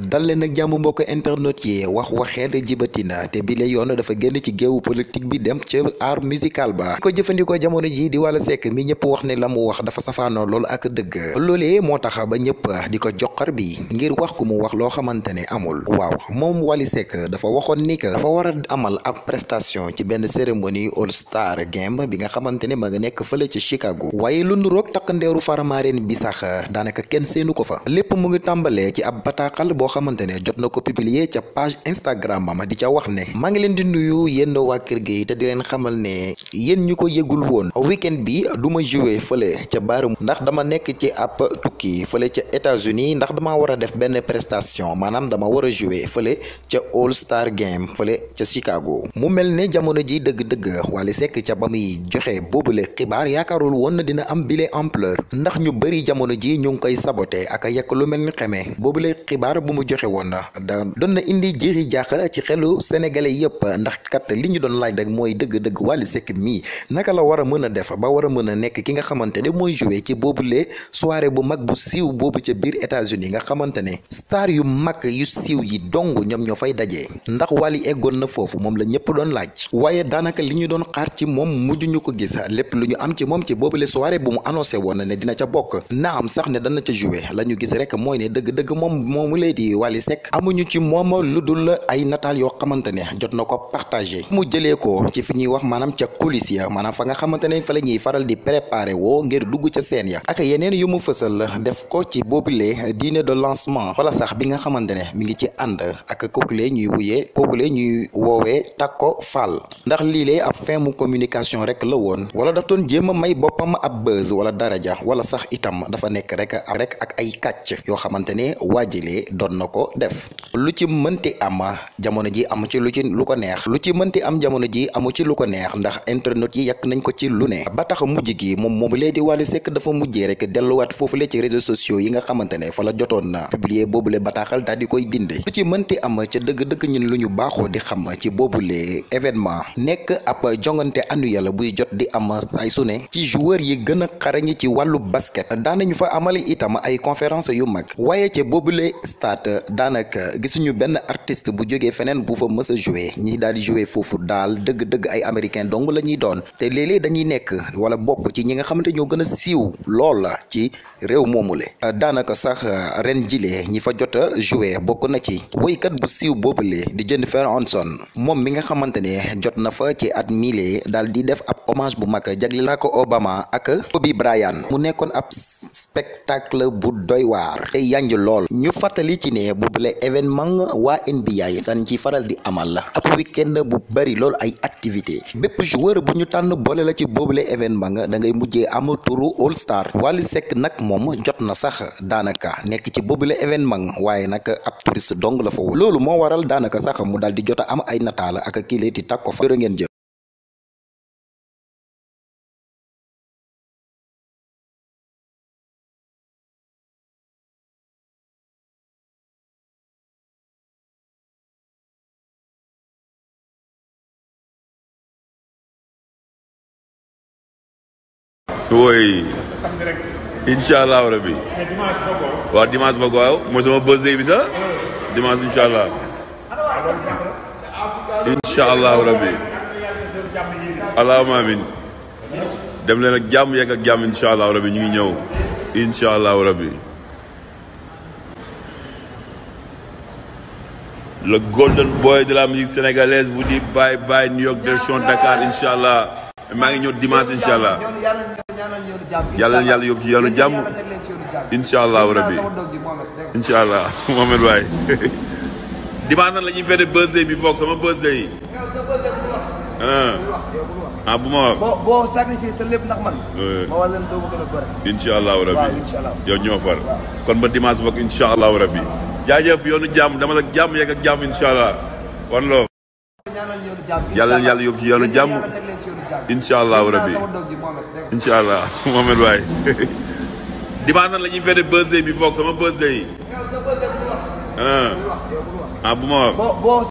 dalle nag jàmm mbokk internet yi wax waxeen jibatina te bi la yoon dafa génn ci géewu politique bi dem ca art musical ba ko jëfandikoo jamono ji di Wally Seck mi ñëpp wax ne la mu wax dafa safaanoo loolu ak dëgg loolee moo tax ba ñëpp di ko joxar bi ngir wax ku mu wax loo xamante ne amul waaw moom Wally Seck dafa waxoon ni que dafa war a amal ab prestation ci benn cérémonie all star game bi nga xamante ne ma nga nekk fële ci Chicago waaye lu nuroog takk ndeeru bi sax daanaka kenn seenu ko fa lépp mu ngi tàmbalee boo xamante ne jot na ko publier ca page Instagram am di ca wax ne maa ngi leen di nuyu yéen waa kër gi te di leen xamal ne yéen ñu ko yëgul woon weekend bi du ma joué fële ca baarum ndax dama nekk ci ab tukki fële ca États-Unis ndax dama war a def benn prestation maanaam dama war a joué fële ca All Star Game fële ca Chicago mu mel ne jamono ji dëgg-dëgg wala sekk ca ba muy joxe boobule xibaar yaakaarul woon na dina am bile ampleur ndax ñu bëri jamono ji ñu ngi koy saboté ak yekk lu mel ni xeme boobule xibaar bu mu joxe woon da doon na indi jiri jaaxa ci xelu sénégalais yëpp ndax kat li ñu doon laaj rek mooy dëgg-dëgg Wally Seck mii naka la war a mën a def ba war a mën a nekk ki nga xamante ne mooy joué ci boobule soirée bu mag bu siiw boobu ca biir États-Unis nga xamante ne star yu mag yu siiw yi dong ñoom ñoo fay dajee ndax Wally eggoon na foofu moom la ñëpp doon laaj waaye daanaka li ñu doon xaar ci moom mujj ñu ko gis lépp lu ñu am ci moom ci boobule soirée bu mu annoncé woon ne dina ca bokk naam sax ne dana lay di kii Wally Seck amuñu ci mooma lu dul ay nataal yoo xamante ne jot na ko partagé mu jëlee ko ci fi ñuy wax maanaam ca coulisses ya maanaam fa nga xamante ne fa la ñuy faral di préparé woo ngir dugg ca seen ya ak yeneen yu mu fësal def ko ci boobule dîner de lancement wala sax bi nga xamante ne mi ngi ci ànd ak kookule ñuy wuyee kookule ñuy woowee Tacko Fall ndax lii lee ab fin mu communication rek la woon wala daf doon jéem may boppam ab buzz wala daraja wala sax itam dafa nekk rek rek ak war na ko def lu ci mënti am jamono ji amu ci lu ci lu ko neex lu ci mënti am jamono ji amu ci lu ko neex ndax internet yi yakk nañ ko ci lu ne ba tax mujj gi moom moom lee di Wally sekk dafa mujjee rek delluwaat foofu le ci réseaux sociaux yi nga xamante ne fa la jotoon na publier boobule bataaxal daal di koy dindi lu ci mënti am ca dëgg-dëgg ñun lu ñu baaxoo di xam ci boobu boobule événement nekk ab jongante annuel buy jot di am ay sune ne ci joueur yi gën a xarañ ci wàllu basket daanañu fa amal itam ay conférence yu mag at daanaka gisuñu benn artiste bu jógee feneen bu fa mës a joué ñi daal di joué foofu daal dëgg-dëgg ay américain dong la ñuy doon te léeg-léeg dañuy nekk wala bokk ci ñi nga xamante ñoo gën a siiw lool la ci réew moomule daanaka sax ren jilee ñi fa jot a joué bokk na ci woykat bu siiw boobule di Jennifer Hudson moom mi nga xamante ne jot na fa ci at miile daal di def ab hommage bu mag jagleel na ko Obama ak Kobe Bryant mu nekkoon ab spectacle bu doy waar te yanj lool ñu fàttali ci ne bu bule événement waa NBA dañ ci faral di amal la ab weekend bu bari lool ay activité bépp joueur bu ñu tànn boole la ci boobule événement da ngay mujjee am tour all star Wally sekk nag moom jot na sax daanaka nekk ci boobule événement waaye nag ab touriste dong la fa loolu moo waral daanaka sax mu daal di jot am ay nataal ak kii lay di tàkko fa jërë ngeen jëf oui incha allah rabi waaw dimanche ba waaw mooy sama birthday bi sax dimanche incha allah incha allah rabi allahumma amin dem leen ak jàmm yeeg ak jàmm incha ñu ngi ñëw incha allah rabi. le golden boy de la musique sénégalaise vous dit bye bye New York direction Dakar incha allah maa ngi ñëw dimanche incha yàlla na yàlla yóbbu ci yoonu jàmm incha allahu rabbi incha allah Mohamed waay. dimanche nag la birthday bi foog sama birthday yi. Ah. ah bu ma rabbi yow ñoo kon ba dimanche foog incha allahu rabbi jaajëf yoonu jàmm dama la jàmm yeeg ak jàmm incha allah wan loo. yàlla na incha allahu rabi incha allah Mohamed waay. dimanche nag la ñuy birthday bi foog sama birthday yi. ah